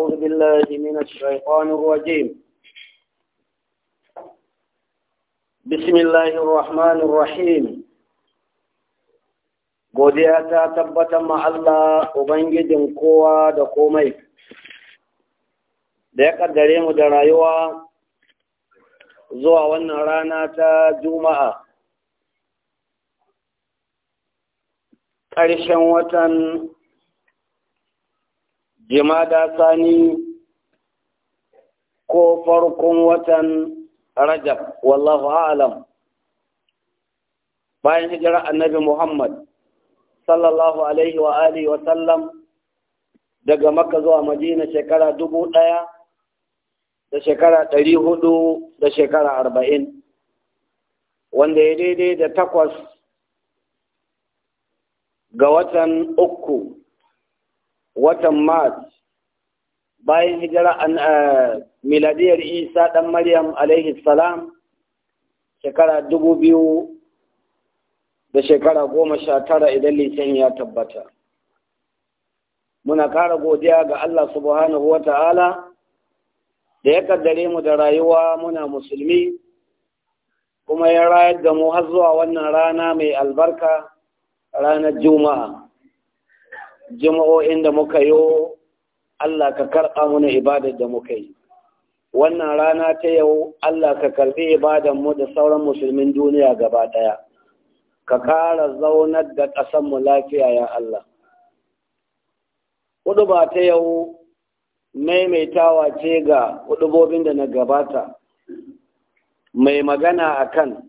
أعوذ بالله من الشيطان الرجيم بسم الله الرحمن الرحيم godiya ta tabbatar ma Allah Ubangijin kowa da komai da ya ƙaddare mu da rayuwa zuwa wannan rana ta juma'a ƙarshen watan jimada sani ko farkon watan rajab wallahu alam bayan hijira annabi muhammad sallallahu alaihi wa alihi wa sallam daga makka zuwa madina shekara dubu ɗaya da shekara ɗari hudu da shekara arba'in wanda ya daidai da takwas ga watan uku watan mars bayan hijira an eh, miladiyar isa ɗan maryam alaihi salam shekara dubu biyu da shekara goma sha tara idan litin ya tabbata muna kara godiya ga allah subhanahu wa ta'ala da ya kaddare mu da rayuwa muna musulmi kuma ya rayar da mu har zuwa wannan rana mai albarka ranar juma'a jima'o'in da muka yi Allah ka karɓa mana ibadar da muka yi wannan rana ta yau Allah ka karɓi ibadar mu da sauran musulmin duniya gaba ɗaya ka ƙara zaunar da ƙasanmu lafiya ya Allah hudu ba ta yau maimaitawa ce ga hudubobin da na gabata mai magana a kan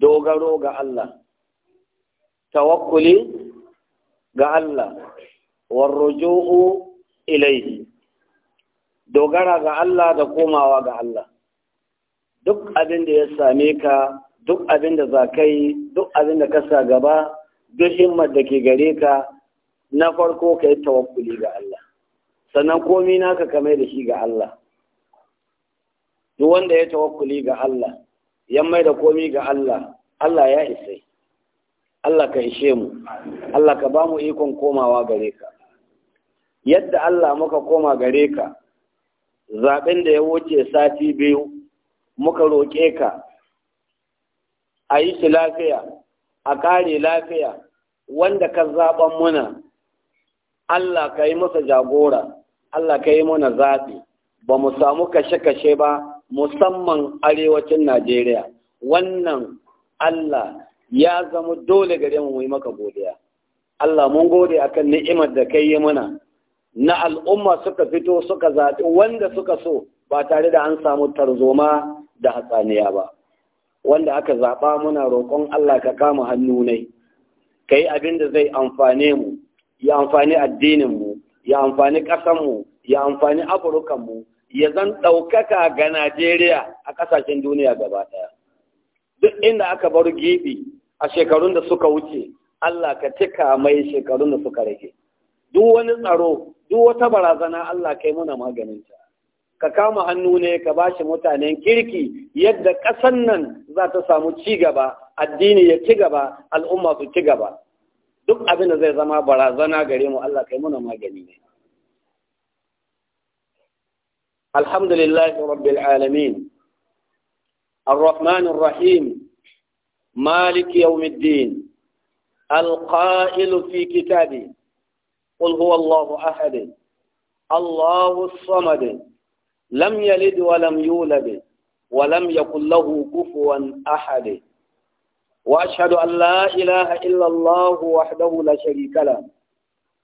dogaro ga Allah tawakkuli ga Allah warruju'u ilayhi dogara ga Allah da komawa ga Allah duk abin da ya same ka duk abin da za ka yi duk abin da ka sa gaba duk himmar da ke gare ka na farko ka yi tawakkuli ga Allah sannan komi naka ka mai da shi ga Allah duk wanda ya tawakkuli ga Allah ya mai da komi ga Allah Allah ya isai Allah ka ishe mu Allah ka ba mu ikon komawa gare ka yadda Allah muka koma gare ka zaɓen da ya wuce sati biyu muka roƙe ka a yi shi lafiya a ƙare lafiya wanda ka zaɓan muna Allah ka yi masa jagora Allah ka yi muna zaɓi ba mu samu kashe-kashe ba musamman arewacin Najeriya. Wannan Allah ya zama dole gare mu yi maka godiya Allah mun gode akan ni'imar da kai yi mana na al'umma suka fito suka zaɓi wanda suka so ba tare da an samu tarzoma da hatsaniya ba wanda aka zaɓa muna roƙon Allah ka kama hannu ne ka yi abin da zai amfane mu ya amfani addininmu ya amfani ƙasanmu ya amfani mu, ya zan ɗaukaka ga Najeriya a ƙasashen duniya gaba ɗaya duk inda aka bar gibi a shekarun da suka wuce Allah ka cika mai shekarun da suka rage duk wani tsaro duk wata barazana Allah kai muna maganinta ka kama hannu ne ka bashi mutanen kirki yadda ƙasan nan za ta samu ci gaba addini ya ci gaba al'umma su ci gaba duk abin da zai zama barazana gare mu Allah kai muna magani ne alhamdulillahi rabbil alamin الرحمن الرحيم مالك يوم الدين القائل في كتابه قل هو الله أحد الله الصمد لم يلد ولم يولد ولم يكن له كفوا أحد وأشهد أن لا إله إلا الله وحده لا شريك له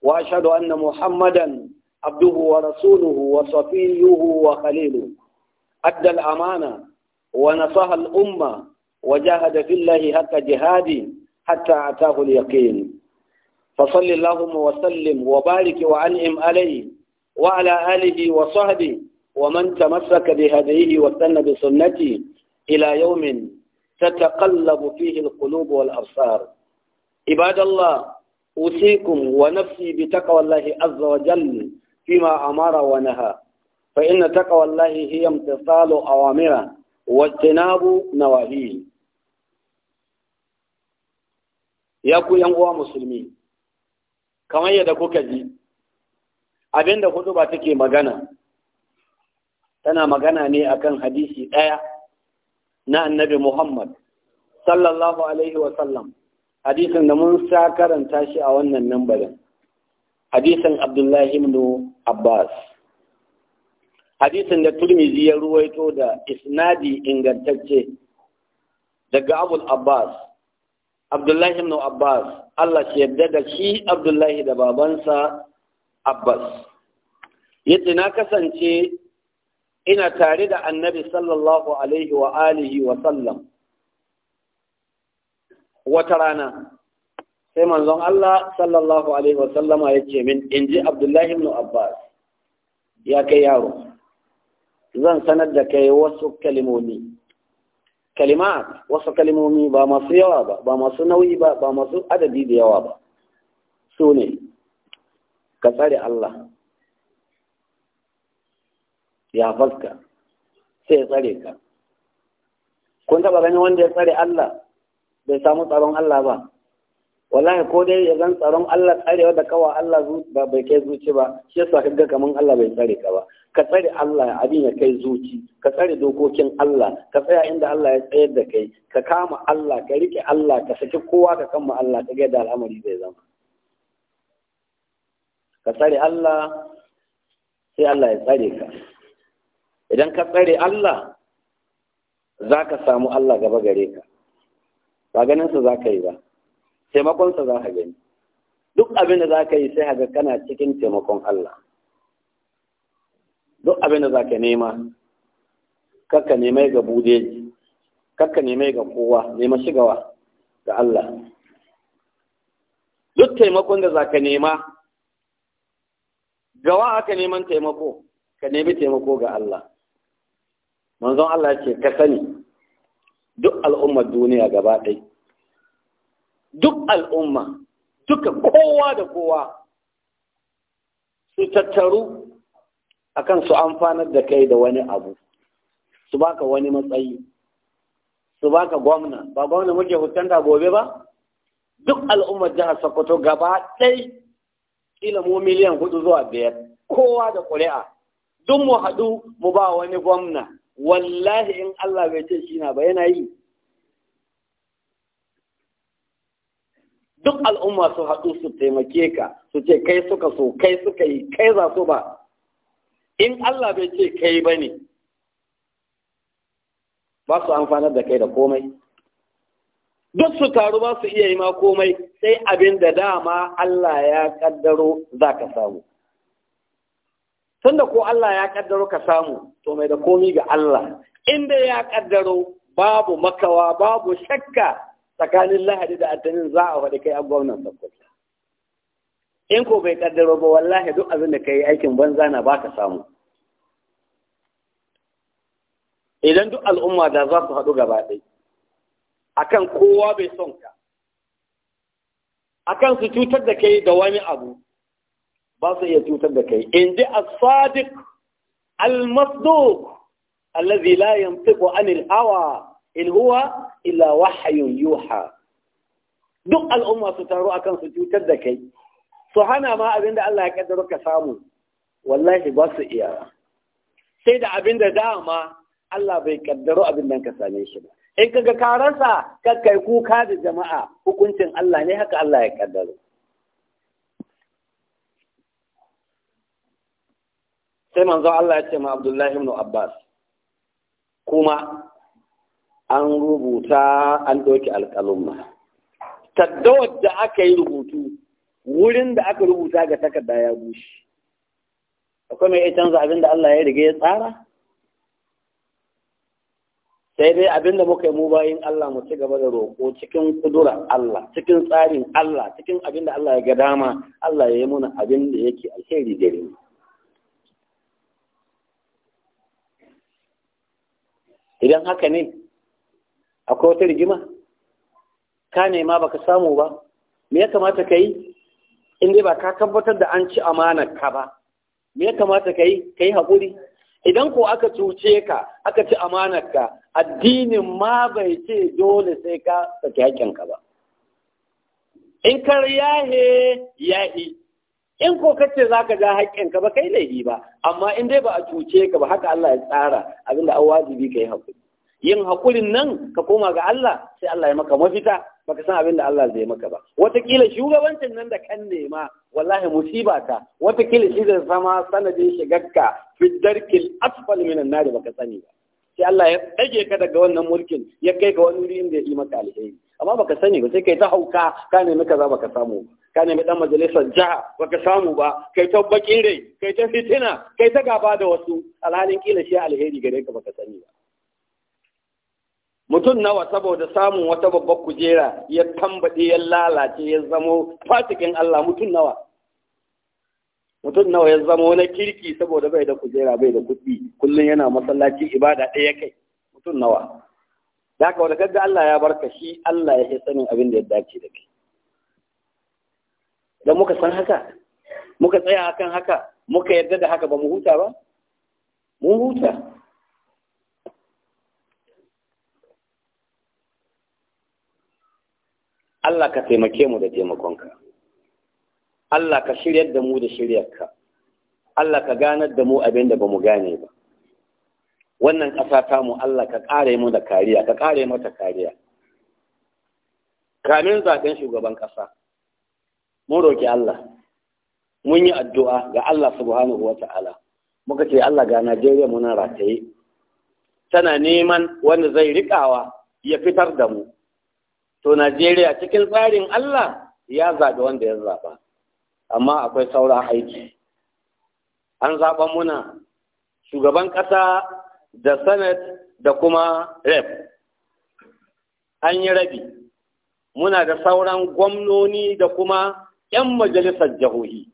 وأشهد أن محمدا عبده ورسوله وصفيه وخليله أدى الأمانة ونصح الأمة وجاهد في الله حتى جهادي حتى أتاه اليقين فصل اللهم وسلم وبارك وعلم عليه وعلى آله وصحبه ومن تمسك بهديه واستنى بسنته إلى يوم تتقلب فيه القلوب والأبصار عباد الله أوصيكم ونفسي بتقوى الله عز وجل فيما أمر ونهى فإن تقوى الله هي امتثال أوامره na nawahi ya ku yan uwa musulmi kamar yadda kuka ji abinda ba take magana tana magana ne akan hadisi ɗaya na annabi Muhammad sallallahu alaihi wasallam hadisin da mun sa karanta shi a wannan nambarin hadisin Abdullahi ibn Abbas hadisin da turmizi ya ruwaito da isnadi ingantacce daga abul abbas abdullahi ibn abbas allah shi yadda da shi abdullahi da babansa abbas yace na kasance ina tare da annabi sallallahu alaihi wa alihi wa sallam wata rana sai manzon allah sallallahu alaihi wa sallama ya ce min inji abdullahi ibn abbas ya kai yaro zan sanar da kai wasu kalimomi kalimat wasu kalimomi ba masu yawa ba ba masu nauyi ba ba masu adadi da yawa ba su ne ka tsare Allah ya faska sai ya tsare ka kun taba ganin wanda ya tsare Allah bai samu tsaron Allah ba wallahi ko dai ya zan tsaron Allah tsarewa da kawa Allah ba bai kai zuci ba shi yasa ka ga kaman Allah bai tsare ka ba ka tsare Allah abin ya kai zuci ka tsare dokokin Allah ka tsaya inda Allah ya tsayar da kai ka kama Allah ka rike Allah ka saki kowa ka kama Allah ka ga da al'amari zai zama ka tsare Allah sai Allah ya tsare ka idan ka tsare Allah za ka samu Allah gaba gare ka ba ganin su za ka yi ba taimakonsa za ka gani duk abin da za ka yi sai haga kana cikin taimakon Allah duk abin da za ka nema kakka nemai ga bude, kakka nemai ga kowa nema shigawa ga Allah duk taimakon da za ka nema gawa aka neman taimako ka nemi taimako ga Allah manzon Allah ce ka sani duk al'ummar duniya gaba ɗaya. duk al'umma duka kowa da kowa su tattaru akan su amfanar da kai da wani abu su baka wani matsayi su baka gwamna ba gwamna muke da gobe ba duk al'ummar jihar sokoto gaba ɗai kila mu miliyan hudu zuwa biyar kowa da ƙuri'a duk mu haɗu mu ba wani gwamna wallahi in allah bai ce shi na ba yana yi duk al'umma su haɗu su taimake ka su ce kai suka so kai suka yi kai za su ba in Allah bai ce kai ba ne ba su amfanar da kai da komai duk su taru ba su iya yi ma komai sai abin da dama Allah ya kaddaro za ka samu tunda ko Allah ya kaddaro ka samu to mai da komi ga Allah inda ya kaddaro babu makawa babu shakka tsakanin lahadi da altanin za a faɗi kai a gwamnan sakkwato in ko bai kaddaro ba wallahi duk abin da yi aikin banza na baka samu idan duk al'umma da za su haɗu gaba ɗai akan kowa bai son ka akan su cutar da kai da wani abu ba su iya cutar da kai in ji as-sadiq al-masduq allazi la yantiqu anil hawa in huwa illa wahayun yuha duk al'umma su taro akan su cutar da kai su hana ma abinda da Allah ya kaddara ka samu wallahi ba su iya sai da abinda da dama Allah bai kaddaro abin nan ka same shi ba in kaga ka rasa kai kuka da jama'a hukuncin Allah ne haka Allah ya kaddaro sai manzo Allah ya ce ma Abdullahi ibn Abbas kuma an rubuta an ɗauki alƙalumma taddawar da aka yi rubutu wurin da aka rubuta ga takarda ya bushe akwai mai canza abin da Allah ya riga ya tsara sai dai abin da muka yi mu bayin Allah mu ci gaba da roƙo cikin kudura Allah cikin tsarin Allah cikin abin da Allah ya ga dama Allah ya yi mana abin da yake alheri gare mu idan haka ne akwai wata rigima ka nema baka samu ba me ya kamata ka yi in ba ka tabbatar da an ci amanar ka ba me ya kamata ka yi ka yi haƙuri idan ko aka cuce ka aka ci amanar ka addinin ma bai ce dole sai ka saki haƙƙin ka ba in kar yahe yahi in ko kace zaka ja haƙƙin ka ba kai laifi ba amma in dai ba a cuce ka ba haka Allah ya tsara abinda an wajibi ka yi haƙuri yin haƙurin nan ka koma ga Allah sai Allah ya maka mafita baka san abin da Allah zai maka ba wataƙila shugabancin nan da kan nema wallahi musiba ta wataƙila shi zai zama sanadin shigarka fi darkil asfal minan nari baka sani ba sai Allah ya ɗage ka daga wannan mulkin ya kai ka wani wuri da ya yi maka alheri amma baka sani ba sai kai ta hauka ka nemi kaza baka samu ka nemi dan majalisar jiha baka samu ba kai ta bakin rai kai ta fitina kai ta gaba da wasu alhalin kila shi alheri gare ka baka sani ba mutum nawa saboda samun wata babbar kujera ya tambaɗe ya lalace ya zamo fasikin Allah mutum nawa mutum nawa ya zamo na kirki saboda bai da kujera bai da kuɗi kullum yana masallaci ibada ɗaya kai mutum nawa da haka wanda kaga Allah ya barka shi Allah ya sanin abin da ya dace da kai idan muka san haka muka tsaya akan haka muka yarda da haka ba mu huta ba mun huta Allah ka taimake mu da taimakonka Allah ka shiryar da mu da shiryarka Allah ka ganar da mu abin da ba mu gane ba wannan ƙasa ta mu Allah ka ƙare mu da kariya ka ƙare mata kariya kamin zaɓen shugaban ƙasa mun roƙi Allah mun yi addu'a ga Allah subhanahu wa ta'ala muka ce Allah ga Najeriya muna rataye tana neman wanda zai riƙawa ya fitar da mu to Najeriya cikin tsarin Allah ya zaɓi wanda ya zaɓa amma akwai sauran aiki an zaɓa muna shugaban ƙasa da senate da kuma rep an yi rabi muna da sauran gwamnoni da kuma 'yan majalisar jahohi.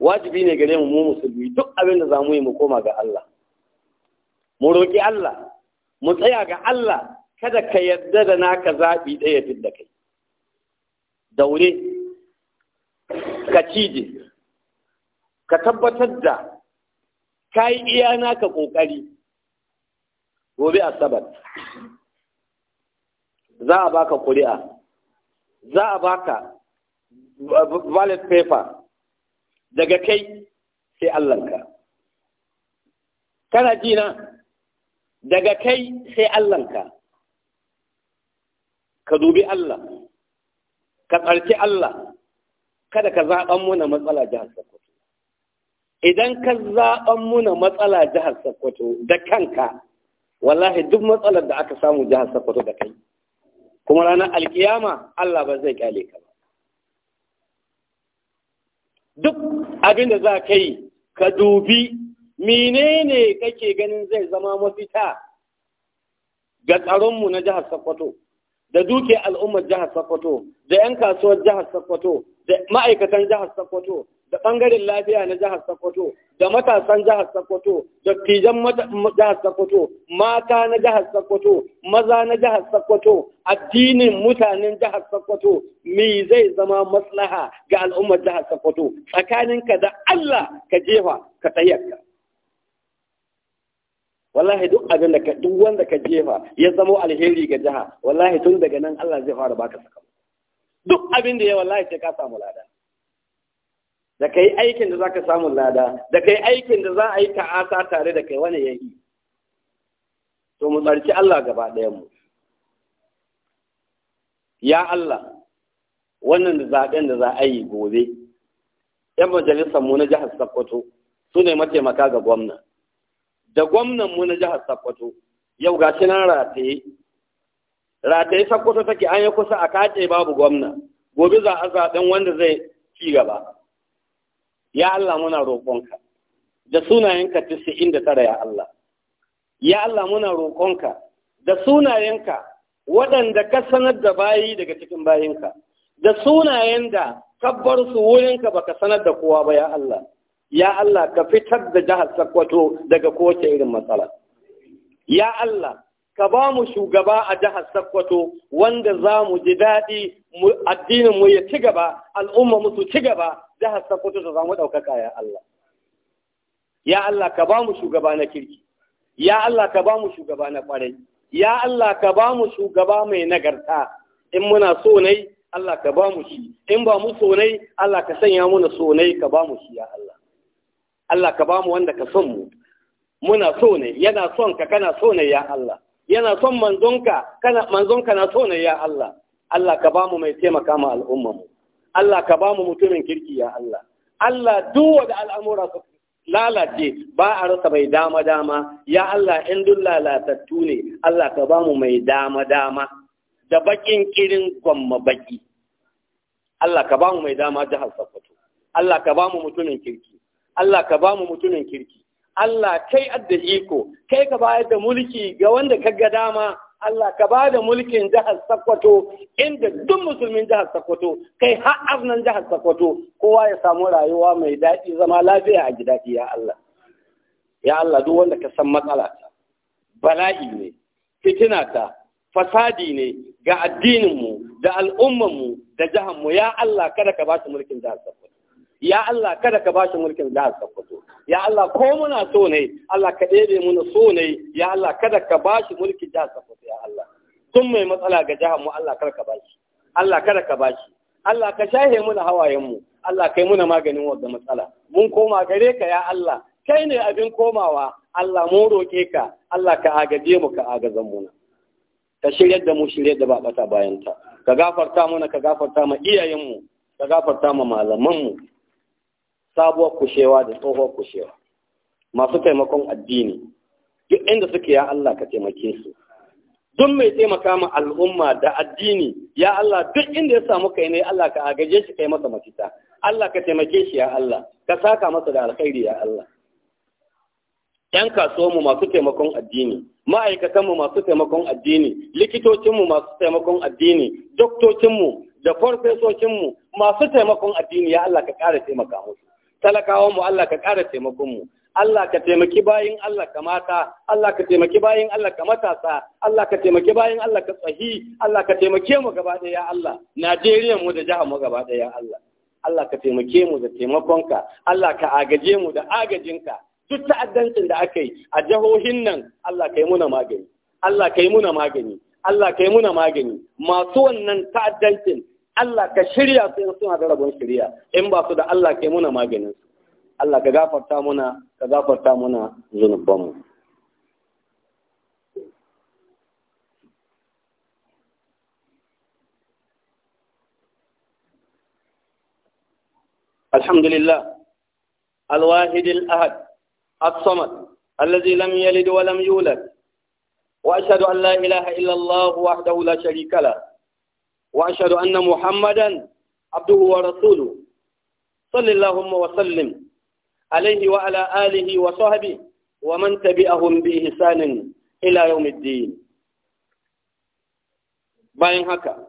wajibi ne gare mu mu musulmi duk abin da za mu yi mu koma ga Allah mu roƙi Allah mu tsaya ga Allah kada ka yarda da naka zaɓi ɗaya fi da kai daure ka cije ka tabbatar da ka yi iya naka ƙoƙari gobe asabar za a baka kuri'a za a baka valid paper daga kai sai Allahnka kana jina daga kai sai Allahnka ka dubi Allah ka tsarki Allah kada ka zaɓan muna matsala jihar Sokoto idan ka zaɓan muna matsala jihar Sokoto da kanka wallahi duk matsalar da aka samu jihar Sokoto da kai kuma ranar alkiyama Allah ba zai kyale ka duk abin da za ka yi ka dubi menene kake ganin zai zama mafita ga tsaronmu na jihar Sokoto da duke al'ummar jihar Sokoto da 'yan kasuwar jihar Sokoto da ma'aikatan jihar Sokoto da ɓangaren lafiya na jihar Sokoto da matasan jihar Sokoto da tijan jihar Sokoto mata na jihar Sokoto maza na jihar Sokoto addinin mutanen jihar Sokoto me zai zama maslaha ga al'ummar jihar Sokoto tsakaninka da Allah ka jefa ka tsayarka wallahi duk abin da ka duk wanda ka jefa ya zamo alheri ga jiha wallahi tun daga nan Allah zai fara baka saka duk abin da ya wallahi sai ka samu lada da kai aikin da zaka samu lada da kai aikin da za a yi ta'ata tare da kai wani yayi to mu tsarki Allah gaba ɗayan mu ya Allah wannan da zaben da za a yi gobe yan majalisar mu na jihar Sokoto su ne mataimaka ga gwamnati da gwamnan mu na jihar Sokoto yau ga shi nan rataye rataye Sokoto take an yi kusa a kace babu gwamna gobe za a zaben wanda zai ci gaba ya Allah muna roƙonka da sunayenka 99 ya Allah ya Allah muna roƙonka da sunayenka waɗanda ka sanar da bayi daga cikin bayinka da sunayen da kabbar su wurinka baka sanar da kowa ba ya Allah ya Allah ka fitar da jihar Sokoto daga kowace irin matsala ya Allah ka ba mu shugaba a jihar Sokoto wanda za mu ji daɗi addinin mu ya ci gaba al'umma mu su ci gaba jihar Sokoto ta samu ɗaukaka ya Allah ya Allah ka ba mu shugaba na kirki ya Allah ka ba mu shugaba na ƙwarai ya Allah ka ba mu shugaba mai nagarta in muna so Allah ka ba mu shi in ba mu so Allah ka sanya muna so ka ba mu shi ya Allah Allah ka bamu wanda ka son mu muna so ne yana son ka kana so ne ya Allah yana son manzonka kana manzonka na so ne ya Allah Allah ka bamu mai taimaka ma al'umma mu Allah ka bamu mutumin kirki ya Allah Allah duk wanda al'amura su lalace ba a rasa mai dama dama ya Allah in duk lalatattu ne Allah ka bamu mai dama dama da bakin kirin gwamma baki Allah ka bamu mai dama jihar Sokoto Allah ka bamu mutumin kirki Allah ka ba mu mutumin kirki Allah kai adda iko kai ka bayar da mulki ga wanda ka ga dama Allah ka ba da mulkin jihar Sokoto inda duk musulmin jihar Sokoto kai har nan jihar Sokoto kowa ya samu rayuwa mai daɗi zama lafiya a gida ya Allah ya Allah duk wanda ka san matsala ta bala'i ne fitina ta fasadi ne ga addininmu da al'ummanmu da jihar mu. ya Allah kada ka ba su mulkin jihar Sokoto ya Allah kada ka bashi mulkin jihar Sokoto ya Allah ko muna so ne Allah ka ɗebe muna so ne ya Allah kada ka bashi mulkin jihar Sokoto ya Allah tun mai matsala ga jihar mu Allah kada ka bashi Allah kada ka bashi Allah ka shahe muna hawayen mu Allah kai muna maganin wannan matsala mun koma gare ka ya Allah kai ne abin komawa Allah mun roƙe ka Allah ka agaje mu ka agazan mu ka shiryar da mu shiryar da ba bata bayanta. ka gafarta mana ka gafarta ma iyayenmu ka gafarta ma malamanmu sabuwar kushewa da tsohuwar kushewa masu taimakon addini duk inda suke ya Allah ka taimake su duk mai taimaka ma al'umma da addini ya Allah duk inda ya samu kai ne Allah ka agaje shi kai masa mafita Allah ka taimake shi ya Allah ka saka masa da alkhairi ya Allah ‘Yan kasuwanmu masu taimakon addini, ma'aikatanmu masu taimakon addini, likitocinmu masu taimakon addini, doktocinmu da farfesocinmu masu taimakon addini ya Allah ka ƙara taimaka musu. talakawa mu Allah ka ƙara taimakon mu Allah ka taimaki bayin Allah ka mata, Allah ka taimaki bayin Allah ka matasa, Allah ka taimaki bayin Allah ka tsahi, Allah ka taimake mu gaba ɗaya Allah, Najeriya mu da jihar mu gaba ɗaya Allah. Allah ka taimake mu da taimakonka, Allah ka agaje mu da agajinka, duk ta'addancin da aka yi a jihohin nan Allah ka yi muna magani, Allah ka yi muna magani, Allah ka yi muna magani, masu wannan ta'addancin Allah ka shirya su in suna da rabon shirya in ba su da Allah kai muna maganin su Allah ka gafarta muna ka gafarta muna zunubanmu الحمد لله الواحد الأحد الصمد الذي لم يلد ولم يولد وأشهد أن لا إله إلا الله وحده لا شريك له وأشهد أن محمدا عبده ورسوله صل اللهم وسلم عليه وعلى آله وصحبه ومن تبعهم بإحسان إلى يوم الدين bayan haka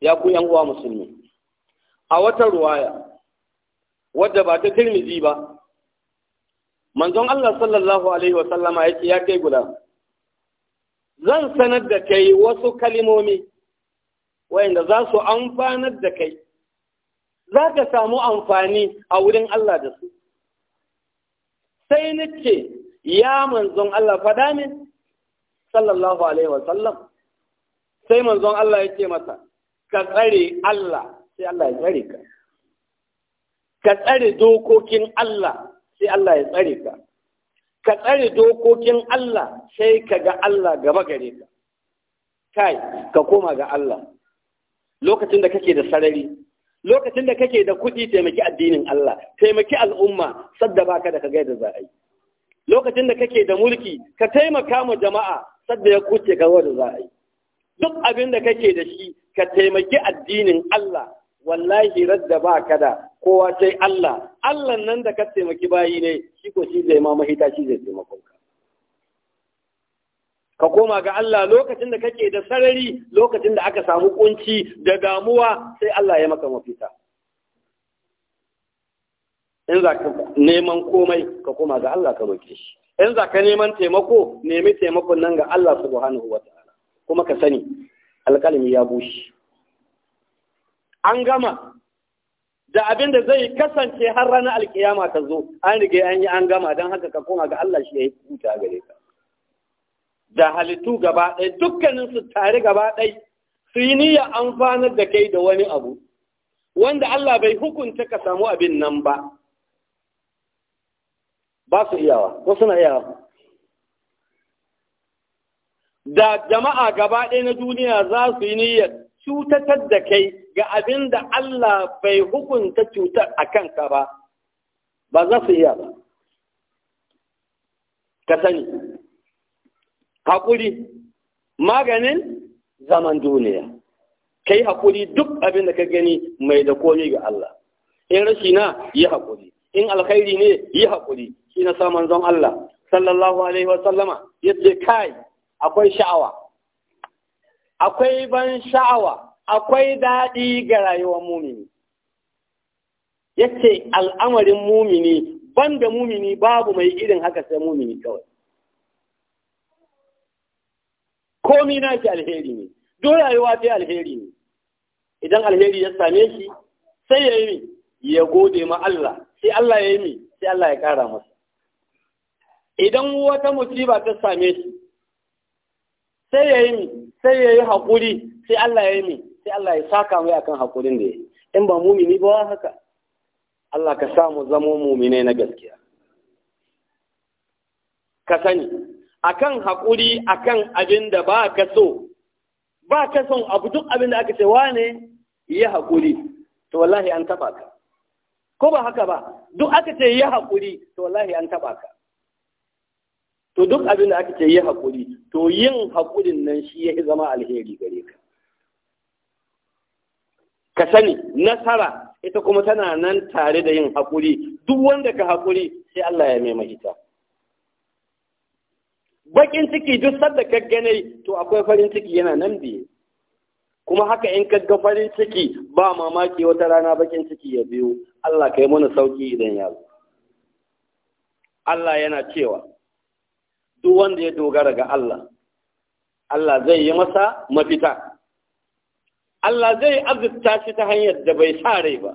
ya ku ‘yan uwa musulmi a wata ruwaya wadda ba ta tirmizi ba manzon Allah sallallahu Alaihi wasallama ya ce ya kai guda zan sanar da kai wasu kalimomi wayanda za su amfanar da kai za ka samu amfani a wurin Allah da su sai nake ya manzon Allah fada min sallallahu alaihi wa sallam sai manzon Allah yake masa ka tsare Allah sai Allah ya tsare ka ka tsare dokokin Allah sai Allah ya tsare ka ka tsare dokokin Allah sai ka ga Allah gaba gare ka kai ka koma ga Allah lokacin da kake da sarari lokacin da kake da kuɗi taimaki addinin Allah taimaki al'umma sadda baka da kaga da za a yi lokacin da kake da mulki ka taimaka ma jama'a sadda ya kuce ga wanda za a yi duk abin da kake da shi ka taimaki addinin Allah wallahi radda baka da kowa sai Allah Allah nan da ka taimaki bayi ne shi ko shi zai ma mahita shi zai taimakon ka ka koma ga Allah lokacin da kake da sarari lokacin da aka samu kunci da damuwa sai Allah ya maka mafita in za ka neman komai ka koma ga Allah ka roke shi in za ka neman taimako nemi taimakon nan ga Allah subhanahu wa ta'ala kuma ka sani alƙalmi ya bushe an gama da abin da zai kasance har ranar alkiyama ta zo an rige an yi an gama don haka ka koma ga Allah shi ya yi huta gare ka da halittu gaba ɗaya dukkanin su tare gaba ɗaya su yi niyya amfanar da kai da wani abu wanda Allah bai hukunta ka samu abin nan ba ba su iyawa ko suna iyawa da jama'a gaba ɗaya na duniya za su yi niyyar cutatar da kai ga abin da Allah bai hukunta cutar a kanka ba ba za su iya ba ka sani haƙuri maganin zaman duniya kai haƙuri duk abin da ka gani mai da komi ga Allah in rashi na yi haƙuri in alkhairi ne yi haƙuri shi na saman zan Allah sallallahu alaihi wasallama ya kai akwai sha'awa akwai ban sha'awa akwai daɗi ga rayuwar mumini ya al'amarin mumini ban da mumini babu mai irin haka sai mumini kawai komi na naki alheri ne duk rayuwa ta alheri ne idan alheri ya same shi sai ya yi ya gode ma Allah sai Allah ya yi sai Allah ya kara masa idan wata musiba ta same shi sai ya yi sai ya yi haƙuri sai Allah ya yi sai Allah ya saka mai akan haƙurin da ya in ba mumini ba haka Allah ka samu zamo mumine na gaskiya ka sani akan haƙuri akan abin da ba ka so ba ka son abu duk abin da aka ce wane ya haƙuri to wallahi an taɓa ka ko ba haka ba duk aka ce ya haƙuri to wallahi an taɓa ka to duk abin da aka ce ya haƙuri to yin haƙurin nan shi ya zama alheri gare ka ka sani nasara ita kuma tana nan tare da yin haƙuri duk wanda ka haƙuri sai Allah ya mai mahita bakin ciki duk sanda ka gane to akwai farin ciki yana nan biye kuma haka in ka ga farin ciki ba mamaki wata rana bakin ciki ya biyo Allah ka yi mana sauki idan ya zo Allah yana cewa duk wanda ya dogara ga Allah Allah zai yi masa mafita Allah zai azurta shi ta hanyar da bai sa rai ba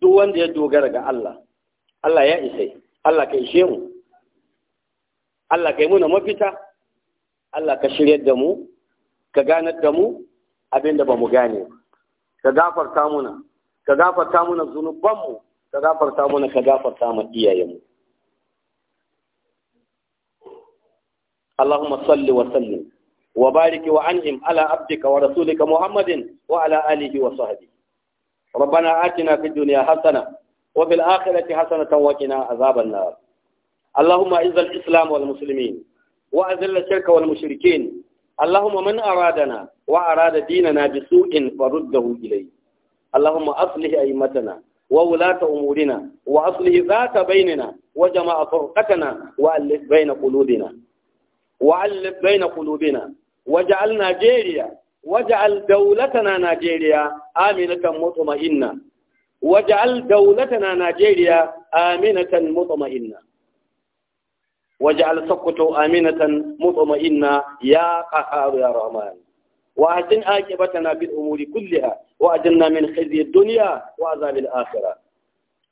duk wanda ya dogara ga Allah Allah ya isai Allah ka ishe mu Allah ka yi muna mafita, Allah ka shirya da mu, ka gane da mu abin da ba mu gane, ka gafarta muna, ka gafarta muna zunubanmu, ka gafarta muna, ka gafarta mu iyayenmu. Allahumma salli wa salli wa bariki wa an'im ala abdika wa rasulika Muhammadin wa ala alihi wa sahbi. ربنا duniya في الدنيا حسنة وفي الآخرة حسنة وقنا عذاب النار اللهم اعز الإسلام والمسلمين وأذل الشرك والمشركين اللهم من أرادنا وأراد ديننا بسوء فرده إليه اللهم أصلح أئمتنا وولاة أمورنا وأصلح ذات بيننا وجمع فرقتنا وألف بين قلوبنا وألف بين قلوبنا واجعل نيجيريا واجعل دولتنا نيجيريا آمنة مطمئنة واجعل دولتنا نيجيريا آمنة مطمئنة واجعل سقطه آمنة مطمئنة يا قهار يا رحمن وأجن آجبتنا بالأمور كلها وأجلنا من خزي الدنيا وعذاب الآخرة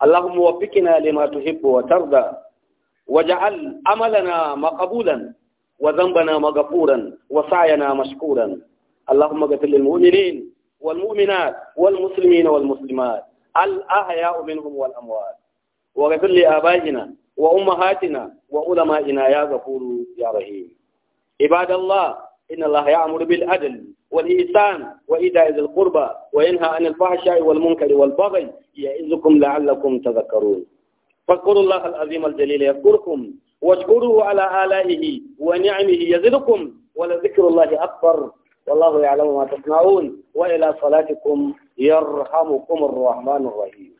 اللهم وفقنا لما تحب وترضى واجعل عملنا مقبولا وذنبنا مغفورا وسعينا مشكورا اللهم اغفر للمؤمنين والمؤمنات والمسلمين والمسلمات الأحياء منهم والأموات واغفر لآبائنا وأمهاتنا وعلمائنا يا غفور يا رحيم عباد الله إن الله يأمر بالعدل والإحسان وإيتاء ذي القربى وينهى عن الفحشاء والمنكر والبغي يعظكم لعلكم تذكرون فاذكروا الله العظيم الجليل يذكركم واشكروه على آلائه ونعمه يزدكم ولذكر الله أكبر والله يعلم ما تصنعون وإلى صلاتكم يرحمكم الرحمن الرحيم